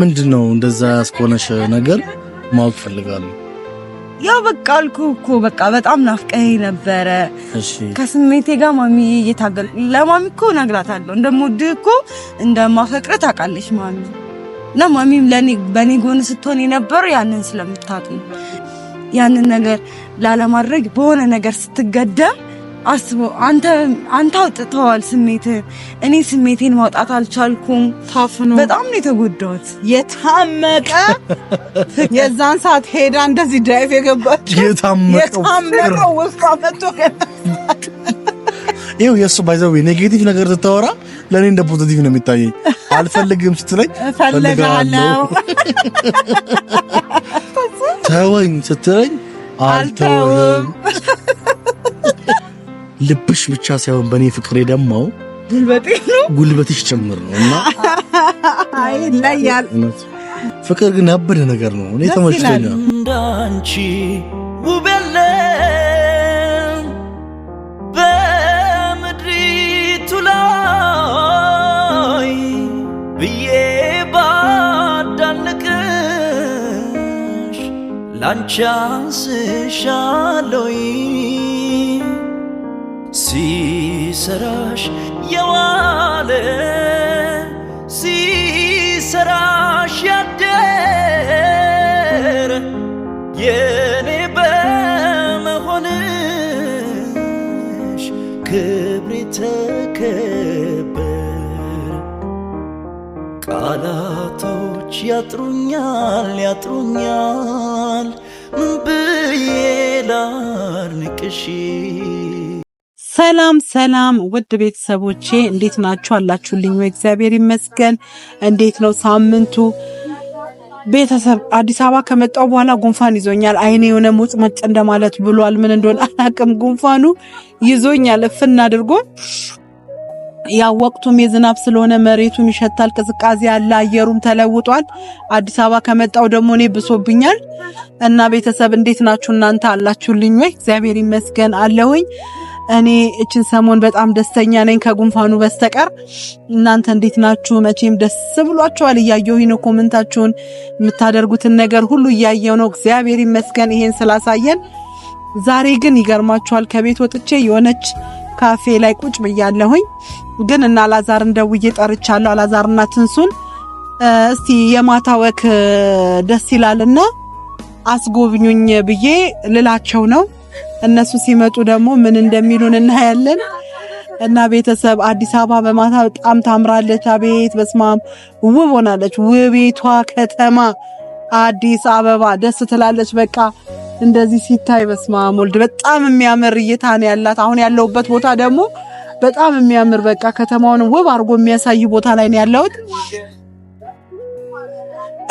ምንድን ነው እንደዛ ያስኮነሽ ነገር ማወቅ ፈልጋለሁ። ያው በቃ አልኩህ እኮ በቃ በጣም ናፍቀኝ ነበረ። እሺ ከስሜቴ ጋር ማሚ እየታገል ለማሚ እኮ እነግራታለሁ እንደምወድህ እኮ እንደማፈቅርህ ታውቃለች ማሚ እና ማሚም ለኔ በኔ ጎን ስትሆን የነበረው ያንን ስለምታጡ ያንን ነገር ላለማድረግ በሆነ ነገር ስትገደም አስቦ አንተ አንተ አውጥተዋል ስሜት እኔ ስሜቴን ማውጣት አልቻልኩም። ታፍኖ በጣም ነው የተጎዳሁት። የታመቀ የዛን ሰዓት ሄዳ እንደዚህ ዳይፍ የገባችው የታመቀው ውስጥ አመቶ ይው የእሱ ባይዘው ኔጌቲቭ ነገር ስታወራ ለእኔ እንደ ፖዘቲቭ ነው የሚታየኝ። አልፈልግም ስትለኝ ፈልጋለሁ፣ ተወኝ ስትለኝ አልተውም ልብሽ ብቻ ሳይሆን በእኔ ፍቅር የደማው ጉልበቴ ነው፣ ጉልበትሽ ጭምር ነው እና ይለያል። ፍቅር ግን ያበደ ነገር ነው። እኔ ተመችቶኛል። እንዳንቺ ውብ የለም በምድሪቱ ላይ ብዬ ባዳንቅሽ ላንቺ አንስሻለሁ ሲሰራሽ የዋለ ሲሰራሽ ያደረ የኔ በመሆንሽ ክብሬ ተከበር። ቃላቶች ያጥሩኛል ያጥሩኛል ምን ብዬ ላርንቅሽ ሰላም ሰላም ውድ ቤተሰቦቼ እንዴት ናችሁ? አላችሁልኝ? እግዚአብሔር ይመስገን። እንዴት ነው ሳምንቱ? ቤተሰብ አዲስ አበባ ከመጣው በኋላ ጉንፋን ይዞኛል። አይኔ የሆነ ሙጭ መጭ እንደማለት ብሏል። ምን እንደሆነ አላቅም። ጉንፋኑ ይዞኛል እፍና አድርጎ ያ ወቅቱም የዝናብ ስለሆነ መሬቱም ይሸታል፣ ቅዝቃዜ አለ፣ አየሩም ተለውጧል። አዲስ አበባ ከመጣው ደግሞ እኔ ብሶብኛል እና ቤተሰብ እንዴት ናችሁ እናንተ? አላችሁልኝ ወይ? እግዚአብሔር ይመስገን አለሁኝ። እኔ እችን ሰሞን በጣም ደስተኛ ነኝ ከጉንፋኑ በስተቀር። እናንተ እንዴት ናችሁ? መቼም ደስ ብሏችኋል። እያየሁኝ ነው ኮመንታችሁን፣ የምታደርጉትን ነገር ሁሉ እያየው ነው። እግዚአብሔር ይመስገን ይሄን ስላሳየን። ዛሬ ግን ይገርማችኋል ከቤት ወጥቼ የሆነች ካፌ ላይ ቁጭ ብያለሁኝ። ግን እና አላዛርን ደውዬ ጠርቻለሁ። አላዛርና ትንሱን እስቲ የማታ ወክ ደስ ይላልና አስጎብኙኝ ብዬ ልላቸው ነው። እነሱ ሲመጡ ደግሞ ምን እንደሚሉን እናያለን። እና ቤተሰብ አዲስ አበባ በማታ በጣም ታምራለች። አቤት በስማም ውብ ሆናለች። ውቤቷ ከተማ አዲስ አበባ ደስ ትላለች። በቃ እንደዚህ ሲታይ በስማም ወልድ በጣም የሚያምር እይታ ነው ያላት። አሁን ያለሁበት ቦታ ደግሞ በጣም የሚያምር በቃ ከተማውን ውብ አድርጎ የሚያሳይ ቦታ ላይ ነው ያለሁት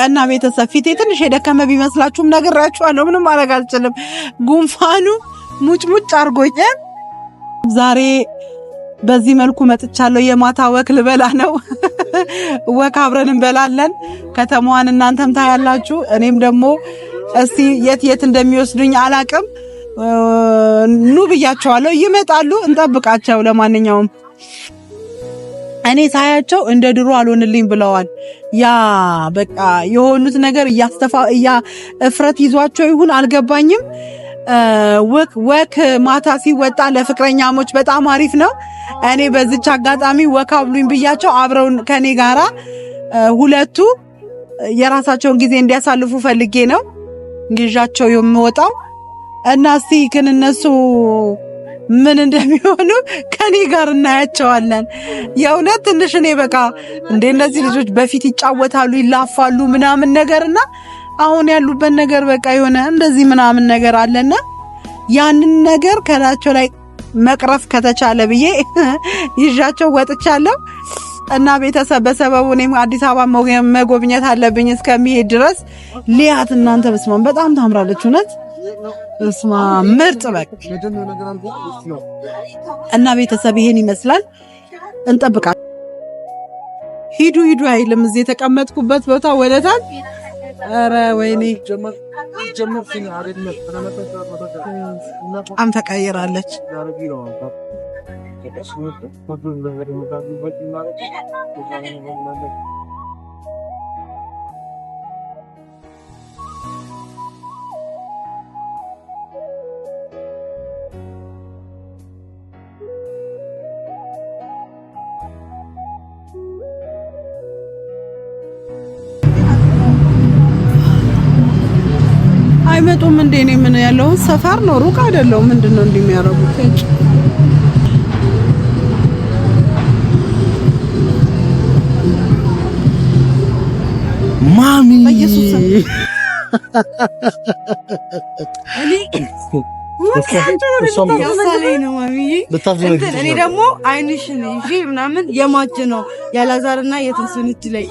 እና ቤተሰብ ፊቴ ትንሽ የደከመ ቢመስላችሁም ነግራችኋለሁ። ምንም ማድረግ አልችልም። ጉንፋኑ ሙጭሙጭ አድርጎኝ ዛሬ በዚህ መልኩ መጥቻለሁ። የማታ ወክ ልበላ ነው። ወክ አብረን እንበላለን። ከተማዋን እናንተም ታያላችሁ። እኔም ደግሞ እስቲ የት የት እንደሚወስዱኝ አላቅም። ኑ ብያቸዋለሁ። ይመጣሉ፣ እንጠብቃቸው። ለማንኛውም እኔ ሳያቸው እንደ ድሮ አልሆንልኝ ብለዋል። ያ በቃ የሆኑት ነገር እያስተፋ እፍረት ይዟቸው ይሁን አልገባኝም። ወክ ወክ ማታ ሲወጣ ለፍቅረኛሞች በጣም አሪፍ ነው። እኔ በዚች አጋጣሚ ወክ አብሉኝ ብያቸው አብረውን ከኔ ጋራ ሁለቱ የራሳቸውን ጊዜ እንዲያሳልፉ ፈልጌ ነው ግዣቸው የምወጣው። እና እስቲ ግን እነሱ ምን እንደሚሆኑ ከኔ ጋር እናያቸዋለን። የእውነት ትንሽ እኔ በቃ እንደ እነዚህ ልጆች በፊት ይጫወታሉ፣ ይላፋሉ ምናምን ነገር እና አሁን ያሉበት ነገር በቃ የሆነ እንደዚህ ምናምን ነገር አለና ያንን ነገር ከላቸው ላይ መቅረፍ ከተቻለ ብዬ ይዣቸው ወጥቻለሁ። እና ቤተሰብ በሰበቡ እኔም አዲስ አበባ መጎብኘት አለብኝ እስከሚሄድ ድረስ ሊያት እናንተ በስማም በጣም ታምራለች እውነት እስማ ምርጥ በግ እና ቤተሰብ ይሄን ይመስላል። እንጠብቃለን። ሂዱ ሂዱ አይልም። እዚህ የተቀመጥኩበት ቦታ ወለታል። ኧረ ወይኔ በጣም ተቀይራለች። እንዴ እኔ ምን ያለውን ሰፈር ነው፣ ሩቅ አይደለም። ምንድን ነው እንደሚያደርጉት ማሚ በኢየሱስ እኔ ደግሞ አይንሽን ምናምን የማጅ ነው ያላዛርና የትንስን እጅ ላይ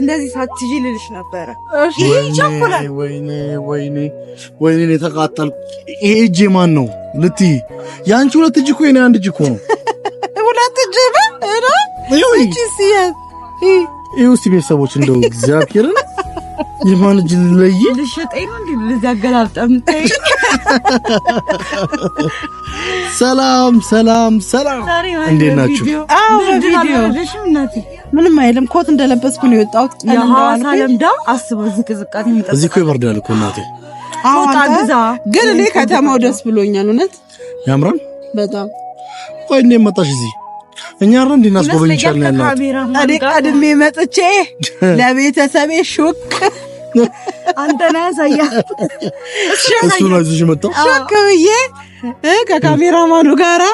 እንደዚህ ልልሽ ነበረ። ወይኔ ይሄ እጅ የማን ነው ልትይ? የአንቺ ሁለት እጅ እኮ የእኔ አንድ እጅ እኮ ነው። ሁለት እጅ ነው። ቤተሰቦች እንደው እግዚአብሔርን የማን እጅ ልለይ? ልሸጠኝ ነው እንዴ? ለዚህ አገላብጠም ሰላም ሰላም ሰላም፣ እንዴት ናችሁ? አዎ ቪዲዮ ምንም አይልም። ኮት እንደለበስኩ ነው የወጣሁት። የሐዋሳ ለምዳ አስበው፣ እዚህ ቅዝቃዜ የሚጠብቅ እዚህ እኮ ይበርዳል እኮ እናቴ። ግን እኔ ከተማው ደስ ብሎኛል። እውነት ያምራል በጣም። ቆይ እንዴት መጣሽ እዚህ? እኛ ረ እንዲናስጎበኝቻል ያለ እኔ ቀድሜ መጥቼ ለቤተሰቤ ሹክ አንተና ያሳያ እሱ ነው እዚህ መጣው ሸክ ብዬ ከካሜራማኑ ጋራ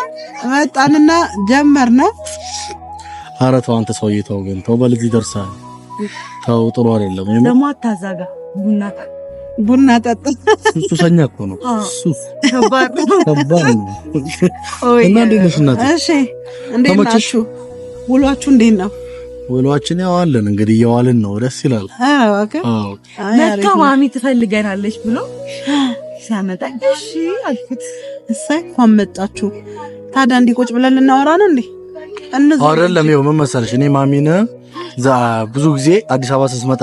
መጣንና ተው አንተ ሰውዬ ተው ግን ተው በልጅ ይደርሳል። ተው ጥሩ አይደለም። ደግሞ አታዛጋ። ቡና ቡና ጠጥ ሱሰኛ እኮ ነው ከባድ ነው። እና እንዴት ነሽ እናቴ? እሺ እንዴት ናችሁ? ውሏችሁ እንዴት ነው? ውሏችን ያዋለን እንግዲህ እየዋልን ነው። ደስ ይላል። ለካ ማሚ ትፈልገናለች ብሎ ሲያመጣ እሺ አልኩት። እሰይ መጣችሁ። ታዲያ እንዲህ ቁጭ ብለን ልናወራ ነው እንዴ? አይደለም ይኸው ምን መሰለሽ፣ እኔ ማሚን ብዙ ጊዜ አዲስ አበባ ስትመጣ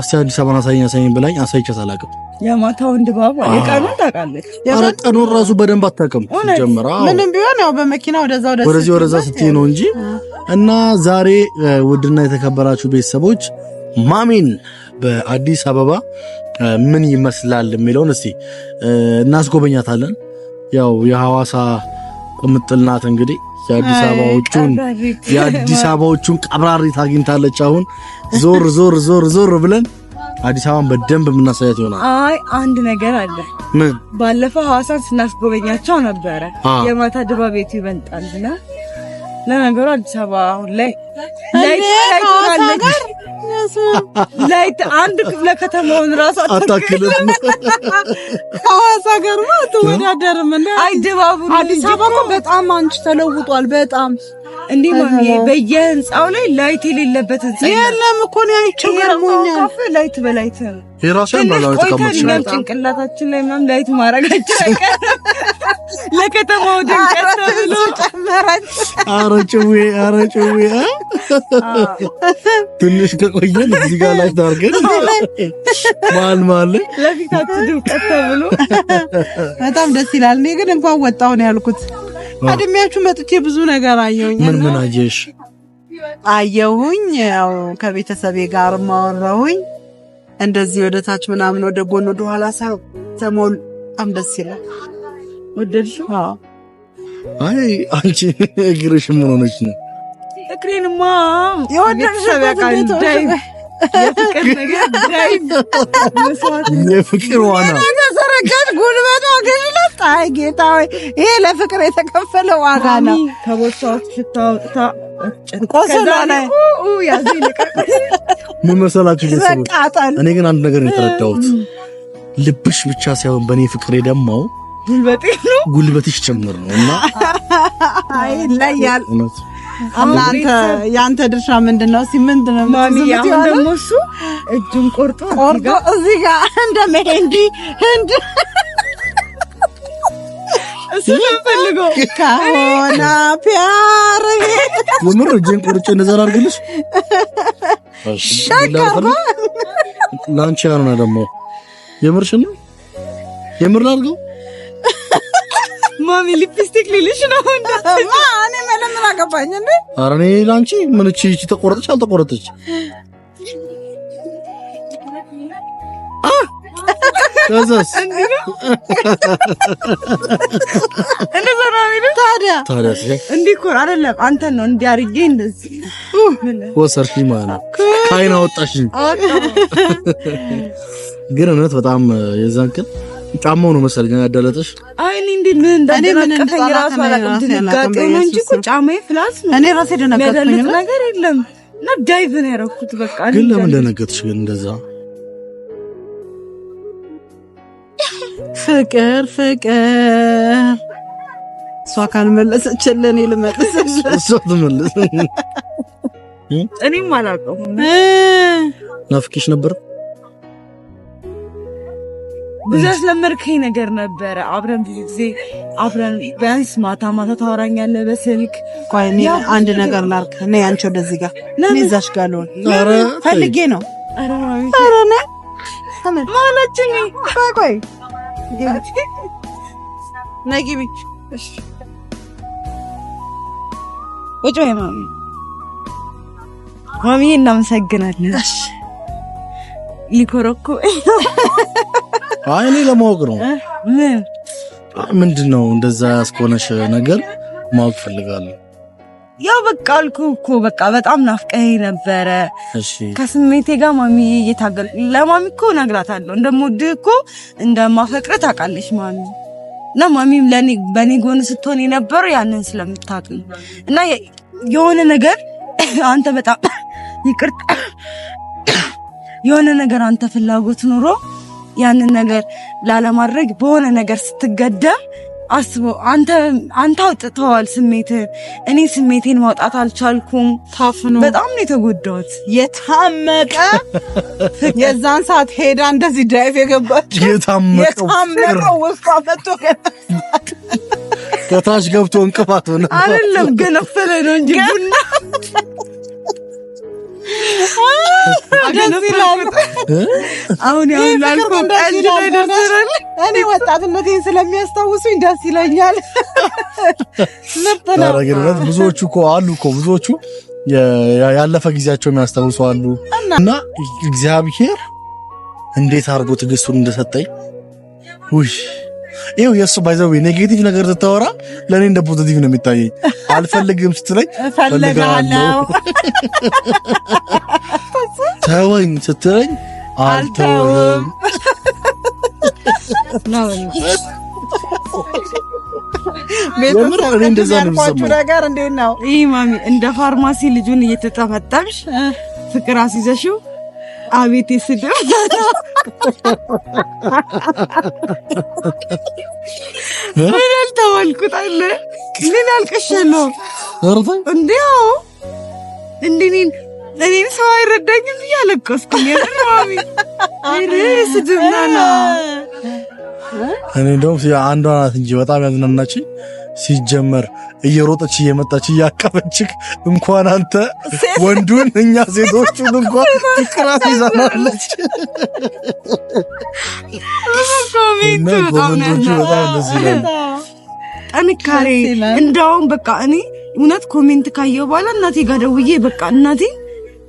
እስኪ አዲስ አበባ አሳይኝ አሳይኝ ብላኝ አሳይቻት አላውቅም። የማታውን ድባብ የቀኑን ታውቃለች። ቀኑን ራሱ በደንብ አታውቅም። ጀምራ ምንም ቢሆን ያው በመኪና ወደዛ ወደዚህ ወደዛ ስትይ ነው እንጂ እና ዛሬ ውድና የተከበራችሁ ቤተሰቦች ማሚን በአዲስ አበባ ምን ይመስላል የሚለውን እስቲ እናስጎበኛታለን። ያው የሐዋሳ ቅምጥል ናት እንግዲህ የአዲስ አበባዎቹን የአዲስ አበባዎቹን ቀብራሪት አግኝታለች። አሁን ዞር ዞር ዞር ዞር ብለን አዲስ አበባን በደንብ የምናሳያት ይሆናል። አይ አንድ ነገር አለ። ምን? ባለፈው ሐዋሳን ስናስጎበኛቸው ነበረ። የማታ ድባ ቤቱ ይበልጣልና ለነገሩ አዲስ አበባ አሁን ላይ ላይት አንድ ክፍለ ከተማውን ራሱ አታክልም። ሐዋሳ ጋር ነው አትወዳደርም። አይደባቡም። አዲስ አበባ በጣም አንቺ ተለውጧል በጣም እንዴ ማሚ፣ በየህንጻው ላይ ላይት የሌለበት ህንጻ የለም እኮ ነው። ላይት በላይት ጭንቅላታችን ላይ ምናምን ላይት ማድረጋችን ለከተማው ድምቀት ተብሎ ጨመረች። ኧረ ጭዌ ኧረ ጭዌ ትንሽ ከቆየን እዚህ ጋር ላይ ታርገን ማል ማል ለፊታችን ድምቀት ተብሎ በጣም ደስ ይላል። እኔ ግን እንኳን ወጣሁ ነው ያልኩት። አድሜያችሁ መጥቼ ብዙ ነገር አየሁኝ። ምን ምን አየሽ? አየሁኝ ያው ከቤተሰቤ ጋር ማወራሁኝ እንደዚህ ወደታች ምናምን ወደ ጎን ወደኋላ ሰሞን በጣም ደስ ይላል። ወደድሽው? አይ አንቺ እግርሽ ምን ሆነች ነው? እግሬንማ የፍቅር ዋና ተሰረቀች ጉልበቷ ገዝለት። አይ ጌታ ወይ ይሄ ለፍቅር የተከፈለ ዋጋ ነው። ከቦርሳዎች ስታወጣ ቆስሎ ላይ ምን መሰላችሁ? እኔ ግን አንድ ነገር የተረዳሁት ልብሽ ብቻ ሳይሆን በእኔ ፍቅር የደማው ጉልበቴ ነው ጉልበትሽ ጭምር ነው እና አይ ይለያል። እናንተ ያንተ ድርሻ ምንድነው? እስኪ ምንድነው ማሚያ ደግሞ እሱ እጁን ቆርጦ ቆርጦ እዚህ ጋር እንደ ሜሄንዲ ህንድ ስለምፈልገው ከሆነ ፒያር የምር እጄን ቆርጬ እንደዚያ አድርግልሽ ለአንቺ ያልሆነ ደግሞ የምርሽ ነው የምር ላድርገው ማሚ ሊፕስቲክ ሊልሽ ነው እንዴ? እኔ ምንም ምን አገባኝ እንዴ? ኧረ እኔ ላንቺ ምን እቺ እቺ ተቆረጠች አልተቆረጠች ከዛስ እንደዛ ነው የሚለው። ግን እውነት በጣም የዛን ቀን ጫማው ነው መሰል ግን ያዳለጠሽ። አይ እኔ እንዴ ምን እንዳደረቀኝ ራሱ አላውቅም። ድንጋጤ ነው እንጂ እኮ ጫማዬ ፍላስ ነው። እኔ ራሴ ደነገጥኩኝ። ነገር የለም እና ዳይቭ ነው ያደረኩት። በቃ ግን ለምን ደነገጥሽ ግን? እንደዛ ፍቅር ፍቅር እሷ ካልመለሰችልን እኔ ልመልስልሽ። እሷ ትመልስ። እኔም አላውቀውም። ናፍቄሽ ነበር ብዙ ያስለመድከኝ ነገር ነበረ። አብረን ብዙ ጊዜ አብረን ቢያንስ ማታ ማታ ታወራኛለህ በስልክ። ቆይ እኔ አንድ ነገር ላድርግ። እኔ አንቺ ወደዚህ ጋር እኔ እዛሽ ጋር ልሆን ፈልጌ ነው። ቆይ ነይ ግቢ። ውጭ ወይ ማሚ። ማሚዬ እናመሰግናለን። ሊኮረኮ አይ እኔ ለማወቅ ነው። ምንድን ነው እንደዛ ያስኮነሽ ነገር ማወቅ ፈልጋለሁ። ያው በቃ አልኩህ እኮ በቃ በጣም ናፍቀኸኝ ነበረ። እሺ ከስሜቴ ጋር ማሚ እየታገል ለማሚ እኮ ነግራታለሁ እንደምወድህ እኮ እንደማፈቅር ታውቃለች ማሚ እና ማሚም ለኔ በኔ ጎን ስትሆን የነበረው ያንን ስለምታውቅ እና የሆነ ነገር አንተ በጣም ይቅርታ የሆነ ነገር አንተ ፍላጎት ኑሮ ያንን ነገር ላለማድረግ በሆነ ነገር ስትገደም አስቦ አንተ አንተ አውጥተዋል ስሜትህን፣ እኔ ስሜቴን ማውጣት አልቻልኩም። ታፍኖ በጣም ነው የተጎዳሁት። የታመቀ የዛን ሰዓት ሄዳ እንደዚህ ዳይፍ የገባችው የታመቀ ውስጥ መጥቶ ከታች ገብቶ እንቅፋት ሆነ አይደለም ገነፈለ ነው እንጂ ቡና አሁን እኔ ወጣትነቴን ስለሚያስታውሱኝ ደስ ይለኛል። ረግነት ብዙዎቹ እኮ አሉ እኮ ብዙዎቹ ያለፈ ጊዜያቸው የሚያስታውሱ አሉ። እና እግዚአብሔር እንዴት አድርጎ ትዕግስቱን እንደሰጠኝ ውይ ይኸው የእሱ ባይዘው ኔጌቲቭ ነገር ስታወራ ለእኔ እንደ ፖዘቲቭ ነው የሚታየኝ። አልፈልግም ስትለኝ ፈልጋለሁ፣ ተወኝ ስትለኝ አልተውም ነገር እንዴት ነው ይህ ማሚ? እንደ ፋርማሲ ልጁን እየተጠመጠምሽ ፍቅር አስይዘሽው አቤት ስድብ! ምን አልተባልኩታለ? ምን አልቀሻለሁ እንዴ? እንዴኔን እኔን ሰው አይረዳኝም እያለቀስኩኝ ሚ ስድብ ነው። እኔ እንደውም አንዷ ናት እንጂ በጣም ያዝናናችኝ ሲጀመር እየሮጠች እየመጣች እያቀበችክ እንኳን አንተ ወንዱን እኛ ሴቶቹን እንኳን ፍቅራት ይዛናለች። ጥንካሬ እንደውም በቃ እኔ እውነት ኮሜንት ካየው በኋላ እናቴ ጋር ደውዬ በቃ እናቴ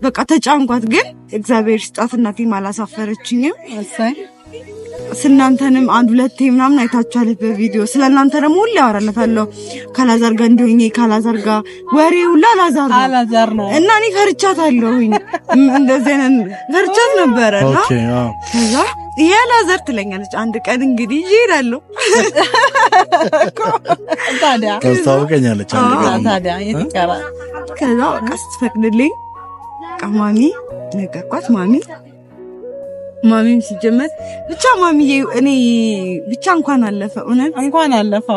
በቃ ተጫንኳት። ግን እግዚአብሔር ስጣት እናቴ አላሳፈረችኝም። ስናንተንም አንድ ሁለቴ ምናምን አይታችኋለት በቪዲዮ ስለ እናንተ ደግሞ ሁሌ አወራለታለሁ። ካላዛር ጋር እንዲሆኝ ካላዛር ጋር ወሬ ሁላ አላዛር ነው እና እኔ ፈርቻታለሁኝ። እንደዚህ አይነት ፈርቻት ነበረ እና ከዛ ይሄ አላዛር ትለኛለች። አንድ ቀን እንግዲህ ይሄዳለሁ ታዲያ ታስታውቀኛለች። ታዲያ የት ከዛ ቀስ ስትፈቅድልኝ ማሚ ነገርኳት ማሚ ማሚም ሲጀመር ብቻ ማሚዬ እኔ ብቻ እንኳን አለፈ። እውነት እንኳን አለፈ።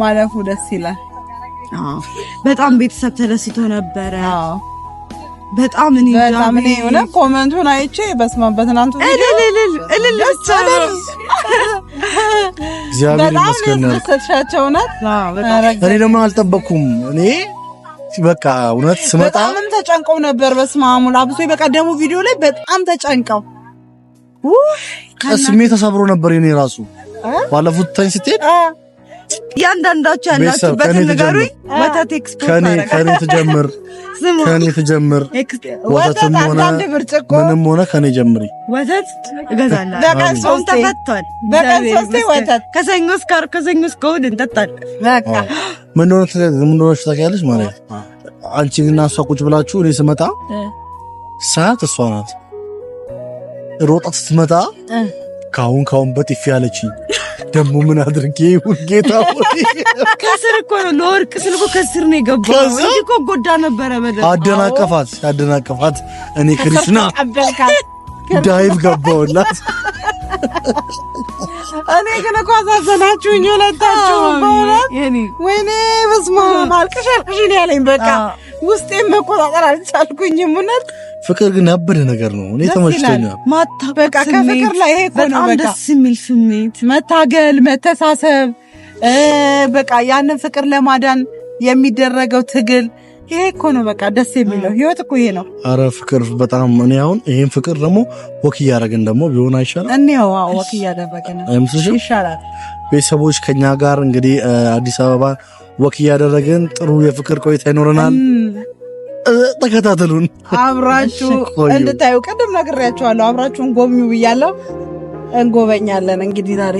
ማለፉ ደስ ይላል። በጣም ቤተሰብ ተደስቶ ነበረ። በጣም እኔ በጣም እኔ ሆነ ኮመንቱን አይቼ በስማ በትናንቱ እግዚአብሔር ይመስገን እኔ ደግሞ አልጠበኩም። እኔ በቃ እውነት ስመጣ ተጨንቀው ነበር። አብሶ በቀደሙ ቪዲዮ ላይ በጣም ተጨንቀው ስሜት ተሰብሮ ነበር የኔ ራሱ ባለፉት ታኝ ስትሄድ እያንዳንዳችሁ ያላችሁበት ንገሩኝ። ወተት ኤክስፖርት ከኔ ትጀምር ከኔ ትጀምር ወተትም ሆነ ምንም ሆነ ከኔ ጀምሪ። ወተት እገዛለሁ። በቀን ሶስቴ ተፈቷል። በቀን ሶስቴ ወተት ከሰኞ እስከ ዓርብ ከሰኞ እስከ እሑድ እንጠጣለን። በቃ ምን እንደሆነ ምን እንደሆነ ታውቂያለሽ ማለት አንቺ እና እሷ ቁጭ ብላችሁ እኔ ስመጣ ሰዓት እሷ ናት ሮጣ ስትመጣ ካሁን ካሁን በጥፊ ያለችኝ ደግሞ ምን አድርጌ ይሁን ጌታ ከስር እኮ ነው ለወርቅ ስልኮ ከስር ነው የገባው እኮ ጎዳ ነበረ በደንብ አደናቀፋት አደናቀፋት እኔ ክሪስና ዳይቭ ገባውላት እኔ ግን እኮ አሳዘናችሁኝ ሁለታችሁ በእውነት ወይኔ በስመ አብ አልቅሽ አልቅሽ ያለኝ በቃ ውስጤን መቆጣጠር አልቻልኩኝም እውነት ፍቅር ግን ያበደ ነገር ነው። እኔ ተመችቶኛል። በቃ ከፍቅር ላይ ይሄ እኮ ነው። በቃ ደስ የሚል ስሜት፣ መታገል፣ መተሳሰብ፣ በቃ ያንን ፍቅር ለማዳን የሚደረገው ትግል ይሄ እኮ ነው። በቃ ደስ የሚለው ህይወት እኮ ይሄ ነው። አረ ፍቅር በጣም እኔ አሁን ይሄን ፍቅር ደግሞ ወክ እያደረግን ደግሞ ቢሆን አይሻልም? እኔ ወክ እያደረግን ይሻላል። ቤተሰቦች ከኛ ጋር እንግዲህ አዲስ አበባ ወክ እያደረግን ጥሩ የፍቅር ቆይታ ይኖረናል። ተከታተሉን፣ አብራችሁ እንድታዩ ቀደም ነግሬያችኋለሁ። አብራችሁን ጎብኙ ብያለሁ። እንጎበኛለን እንግዲህ ዛሬ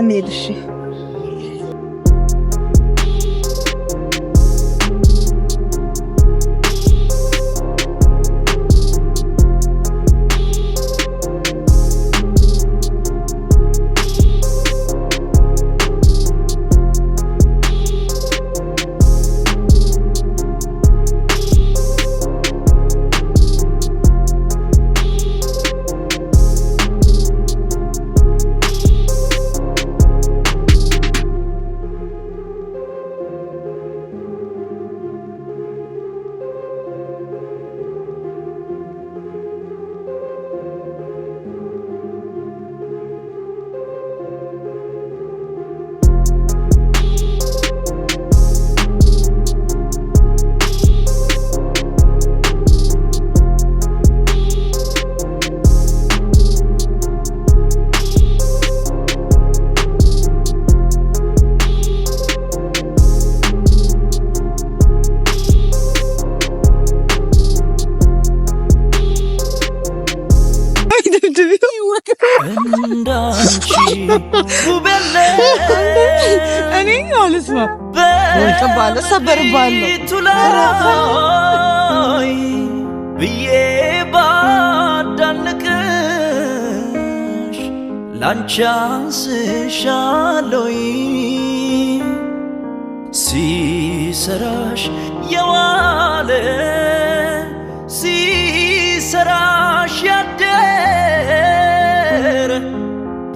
እንሂድ። እሺ እኔ አልስማ ወልቅባለ ሰበርባለ ላይ ብዬ ባዳልቅሽ ላንቻንስሻለይ ሲሰራሽ የዋለ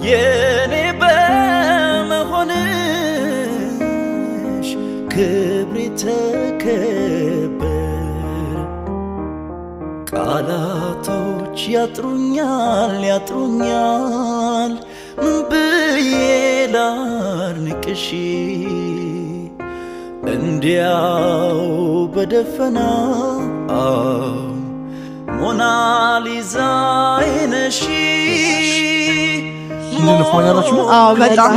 የኔ በመሆንሽ ክብሬ ተከበር። ቃላቶች ያጥሩኛል ያጥሩኛል፣ ምን ብዬ ላርንቅሽ እንዲያው በደፈና ሞናሊዛ አይነሺ ምንድን ነው አዎ በጣም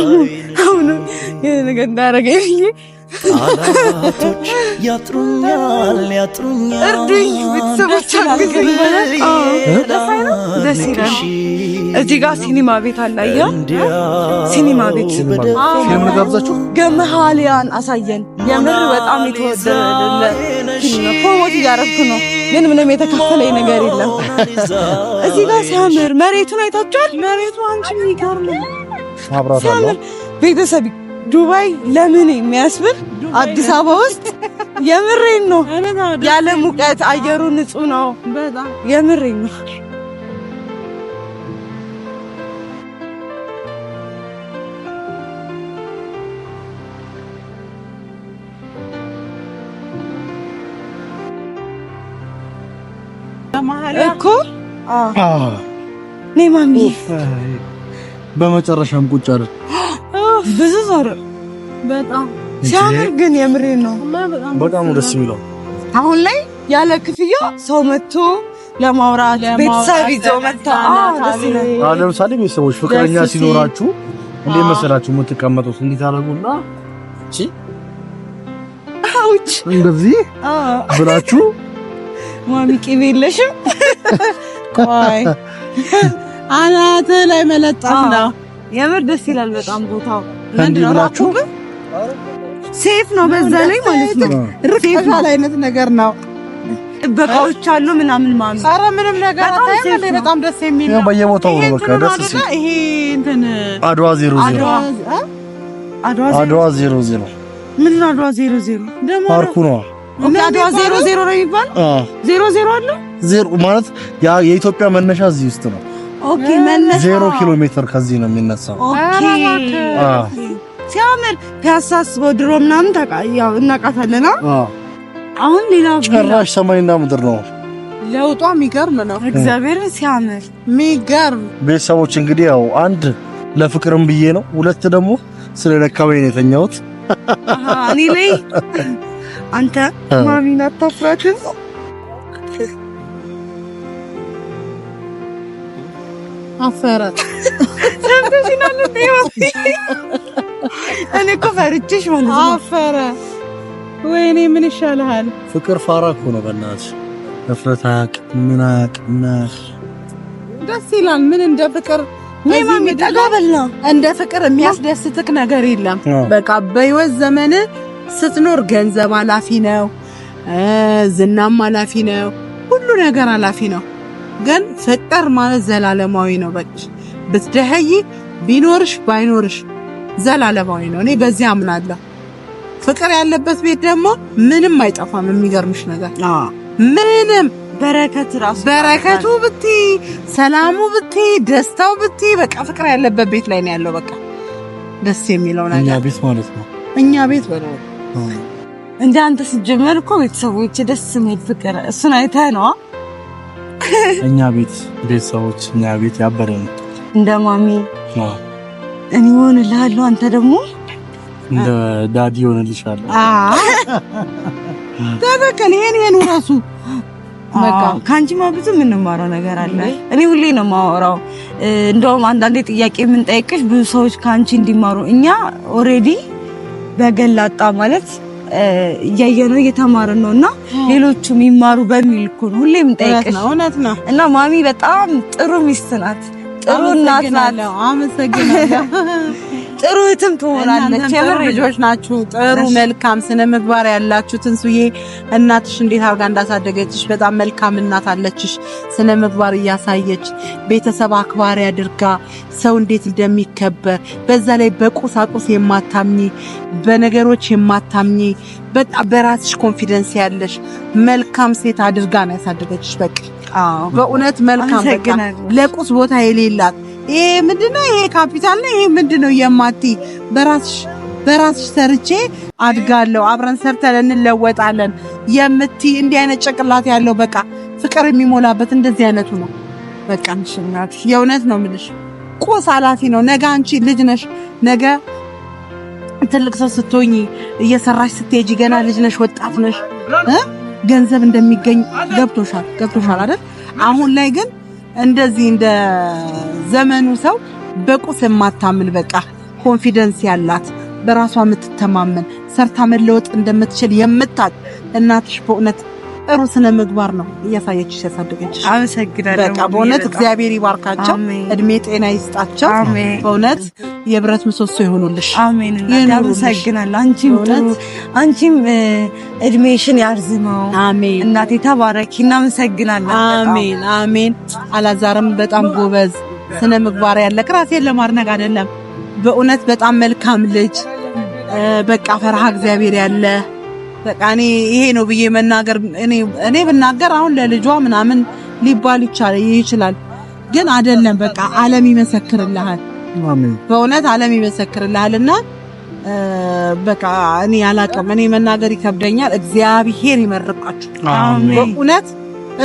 አሁንም የሆነ ነገር እንዳያደርገኝ ቃላቶች ያጥሩኛል ያጥሩኛል። እርዱኝ ቤተሰቦች፣ አግዙኝ። ደስ ይላል። እዚህ ጋር ሲኒማ ቤት አላየ ሲኒማ ቤት ጋብዛችሁ ገመሃሊያን አሳየን። የምር በጣም የተወደደ ፎሞት እያረፍኩ ነው፣ ግን ምንም የተከፈለኝ ነገር የለም። እዚህ ጋር ሲያምር መሬቱን አይታችኋል? መሬቱ አንቺ የሚገርም ቤተሰብ ዱባይ ለምን የሚያስብል አዲስ አበባ ውስጥ የምሬን ነው ያለ ሙቀት አየሩ ንጹህ ነው። የምሬን ነው። እኮ እኔ ማሚ በመጨረሻም ቁጭ አለ ብዙ ዞር በጣም ሲያምር ግን የምሬ ነው። በጣም ደስ የሚለው አሁን ላይ ያለ ክፍያ ሰው መጥቶ ለማውራት ቤተሰብ ይዞ መጥቶ ለምሳሌ ቤተሰቦች ፍቅረኛ ሲኖራችሁ እንዴት መሰላችሁ የምትቀመጡት እንዲህ ታደርጉና እንደዚህ ብላችሁ ማሚ ቅቤ የለሽም አናትህ ላይ መለጣት ነው። የምር ደስ ይላል በጣም ቦታው እንዲህ ብላችሁ ሴፍ ነው። በዛ ላይ ማለት ነው ሴፍ አይነት ነገር ነው። ጥበቃዎች አሉ ምናምን ማሚ። አረ ምንም ነገር አታይም በጣም ደስ የሚል ነው። በየቦታው ነው በቃ ደስ ሲል ይሄ እንትን አድዋ 00 አድዋ 00 ምን ነው አድዋ 00 ደግሞ ፓርኩ ነው። አድዋ 00 ነው የሚባል 00 አለ ዜሮ ማለት ያ የኢትዮጵያ መነሻ እዚህ ውስጥ ነው። ኦኬ መነሻ ዜሮ ኪሎ ሜትር ከዚህ ነው የሚነሳው። ኦኬ ሲያምር ፒያሳስበው ድሮ ምናምን ያው አሁን ሌላ ጭራሽ ሰማይና ምድር ነው። ለውጧ የሚገርም ነው። እግዚአብሔር ሲያምር የሚገርም ቤተሰቦች እንግዲህ ያው አንድ ለፍቅርም ብዬ ነው፣ ሁለት ደግሞ ስለደከመኝ ነው የተኛሁት። እኔ ላይ አንተ ማሚን አታፍራትም? አፈራት ሰምተሽናል? እኔ እኮ ፈርቼሽ ማለት ነው። አፈረ ወይኔ፣ ምን ይሻልሃል? ፍቅር ፋራ እኮ ነው። በእናትሽ እፍረት አያውቅ ምን አያውቅ ምን ደስ ይላል። ምን እንደ ፍቅር እንደ ፍቅር የሚያስደስትክ ነገር የለም። በቃ በህይወት ዘመን ስትኖር ገንዘብ ኃላፊ ነው፣ ዝናም አላፊ ነው፣ ሁሉ ነገር አላፊ ነው። ግን ፍቅር ማለት ዘላለማዊ ነው። በቃ ብትደኸይ ቢኖርሽ ባይኖርሽ ዘላለማዊ ነው። እኔ በዚህ አምናለሁ። ፍቅር ያለበት ቤት ደግሞ ምንም አይጠፋም። የሚገርምሽ ነገር ምንም በረከት ራሱ በረከቱ ብቲ ሰላሙ ብቲ ደስታው ብቲ በቃ ፍቅር ያለበት ቤት ላይ ነው ያለው። በቃ ደስ የሚለው ነገር እኛ ቤት ማለት ነው። እኛ ቤት በለው እንደ አንተ ሲጀመር እኮ ቤተሰቦች ደስ የሚል ፍቅር እሱን አይተህ ነዋ። እኛ ቤት ቤተሰቦች እኛ ቤት ያበረ ነው እንደ ማሚ እኔ እሆንልሃለሁ፣ አንተ ደግሞ እንደ ዳዲ እሆንልሻለሁ። ተበቀል ይሄን ይሄን ራሱ በቃ ከአንቺማ ብዙ የምንማረው ነገር አለ። እኔ ሁሌ ነው የማወራው። እንደውም አንዳንዴ ጥያቄ የምንጠይቅሽ ብዙ ሰዎች ከአንቺ እንዲማሩ እኛ ኦልሬዲ በገላጣ ማለት እያየነው እየተማርን ነው እና ሌሎቹም ይማሩ በሚል እኮ ነው ሁሌ የምንጠይቅሽ እና ማሚ በጣም ጥሩ ሚስት ናት። ጥሩ እናት ናት። አመሰግናለሁ። ጥሩ እህትም ትሆናለች። የምር ልጆች ናችሁ። ጥሩ መልካም ስነ ምግባር ያላችሁ። ትንሱዬ እናትሽ እንዴት አድርጋ እንዳሳደገችሽ በጣም መልካም እናት አለችሽ። ስነ ምግባር እያሳየች ቤተሰብ አክባሪ አድርጋ ሰው እንዴት እንደሚከበር በዛ ላይ በቁሳቁስ የማታምኚ በነገሮች የማታምኚ በጣም በራስሽ ኮንፊደንስ ያለሽ መልካም ሴት አድርጋ ነው ያሳደገችሽ በቃ በእውነት መልካም ለቁስ ቦታ የሌላት ይሄ ምንድነው? ይሄ ካፒታል ነው። ይሄ ምንድነው የማቲ በራስሽ በራስሽ ሰርቼ አድጋለሁ፣ አብረን ሰርተን እንለወጣለን የምቲ እንዲህ አይነት ጨቅላት ያለው በቃ ፍቅር የሚሞላበት እንደዚህ አይነቱ ነው። በቃ የእውነት ነው የምልሽ። ቁስ ኃላፊ ነው። ነገ አንቺ ልጅ ነሽ። ነገ ትልቅ ሰው ስትሆኝ እየሰራሽ ስትሄጂ ገና ልጅ ነሽ፣ ወጣት ነሽ። ገንዘብ እንደሚገኝ ገብቶሻል ገብቶሻል አይደል? አሁን ላይ ግን እንደዚህ እንደ ዘመኑ ሰው በቁስ የማታምን በቃ ኮንፊደንስ ያላት በራሷ የምትተማመን ሰርታ መለወጥ እንደምትችል የምታውቅ እናትሽ በእውነት ጥሩ ስነ ምግባር ነው እያሳየች ያሳደገች። አመሰግናለሁ። በቃ በእውነት እግዚአብሔር ይባርካቸው፣ እድሜ ጤና ይስጣቸው። በእውነት የብረት ምሰሶ ይሆኑልሽ። አሜን። አመሰግናለሁ። አንቺም አንቺም እድሜሽን ያርዝመው። አሜን። እናቴ ተባረኪ። እናመሰግናለን። አሜን፣ አሜን። አላዛርም በጣም ጎበዝ ስነ ምግባር ያለክ ራሴን ለማድነቅ አይደለም፣ በእውነት በጣም መልካም ልጅ፣ በቃ ፈርሃ እግዚአብሔር ያለ በቃ እኔ ይሄ ነው ብዬ መናገር እኔ ብናገር አሁን ለልጇ ምናምን ሊባል ይችላል፣ ግን አይደለም። በቃ ዓለም ይመሰክርልሃል፣ በእውነት ዓለም ይመሰክርልሃል። እና በቃ እኔ አላቅም፣ እኔ መናገር ይከብደኛል። እግዚአብሔር ይመርቃችሁ በእውነት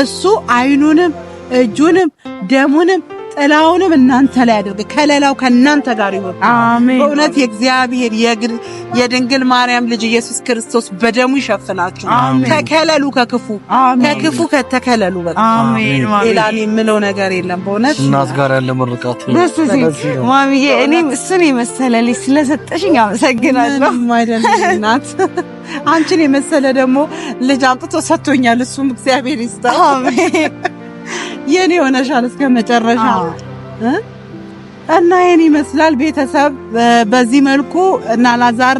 እሱ አይኑንም እጁንም ደሙንም ጥላውንም እናንተ ላይ ያድርግ። ከሌላው ከእናንተ ጋር ይሁን። አሜን። በእውነት የእግዚአብሔር የድንግል ማርያም ልጅ ኢየሱስ ክርስቶስ በደሙ ይሸፍናችሁ። አሜን። ተከለሉ፣ ከክፉ ከክፉ ከተከለሉ። በቃ አሜን። ሌላ የምለው ነገር የለም። በእውነት እናት ጋር ያለ ምርቃት ነው። ሲል ማሚዬ፣ እኔም እሱን የመሰለ ልጅ ስለሰጠሽኝ አመሰግናለሁ። ማይደል እናት አንቺን የመሰለ ደግሞ ልጅ አምጥቶ ሰጥቶኛል። እሱም እግዚአብሔር ይስጣ። አሜን። የኔ ሆነሻል እስከ መጨረሻ እና ይህን ይመስላል ቤተሰብ። በዚህ መልኩ እና ላዛር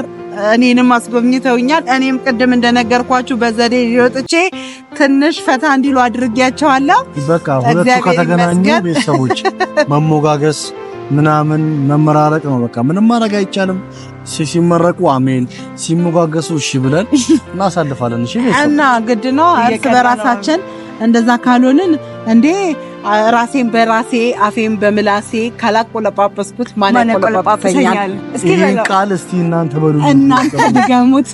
እኔንም አስጎብኝተውኛል። እኔም ቅድም እንደነገርኳችሁ በዘዴ ሊወጥቼ ትንሽ ፈታ እንዲሉ አድርጌያቸዋለሁ። በቃ ሁለቱ ከተገናኙ ቤተሰቦች መሞጋገስ ምናምን መመራረቅ ነው። በቃ ምንም ማድረግ አይቻልም። ሲመረቁ አሜን፣ ሲሞጋገሱ እሺ ብለን እናሳልፋለን። እሺ እና ግድ ነው እርስ በራሳችን እንደዛ ካልሆንን እንዴ ራሴን በራሴ አፌን በምላሴ ካላቆለጳጰስኩት ማን ያቆለጳጰሰኛል? ይህን ቃል እስቲ እናንተ በሉ እናንተ ድገሙት።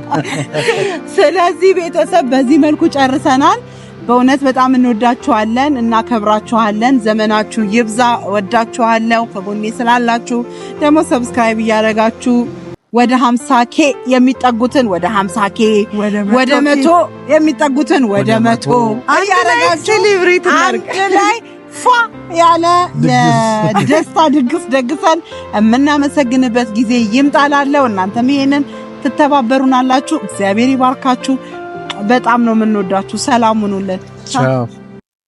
ስለዚህ ቤተሰብ በዚህ መልኩ ጨርሰናል። በእውነት በጣም እንወዳችኋለን፣ እናከብራችኋለን። ዘመናችሁ ይብዛ። ወዳችኋለሁ። ከጎኔ ስላላችሁ ደግሞ ሰብስክራይብ እያደረጋችሁ ወደ 50 ኬ የሚጠጉትን ወደ 50 ኬ ወደ መቶ የሚጠጉትን ወደ መቶ እያረጋችሁ አንድ ላይ ፏ ያለ ደስታ ድግስ ደግሰን የምናመሰግንበት ጊዜ ይምጣላለው። እናንተም ይሄንን ትተባበሩናላችሁ። እግዚአብሔር ይባርካችሁ። በጣም ነው የምንወዳችሁ። ሰላም ሁኑልን።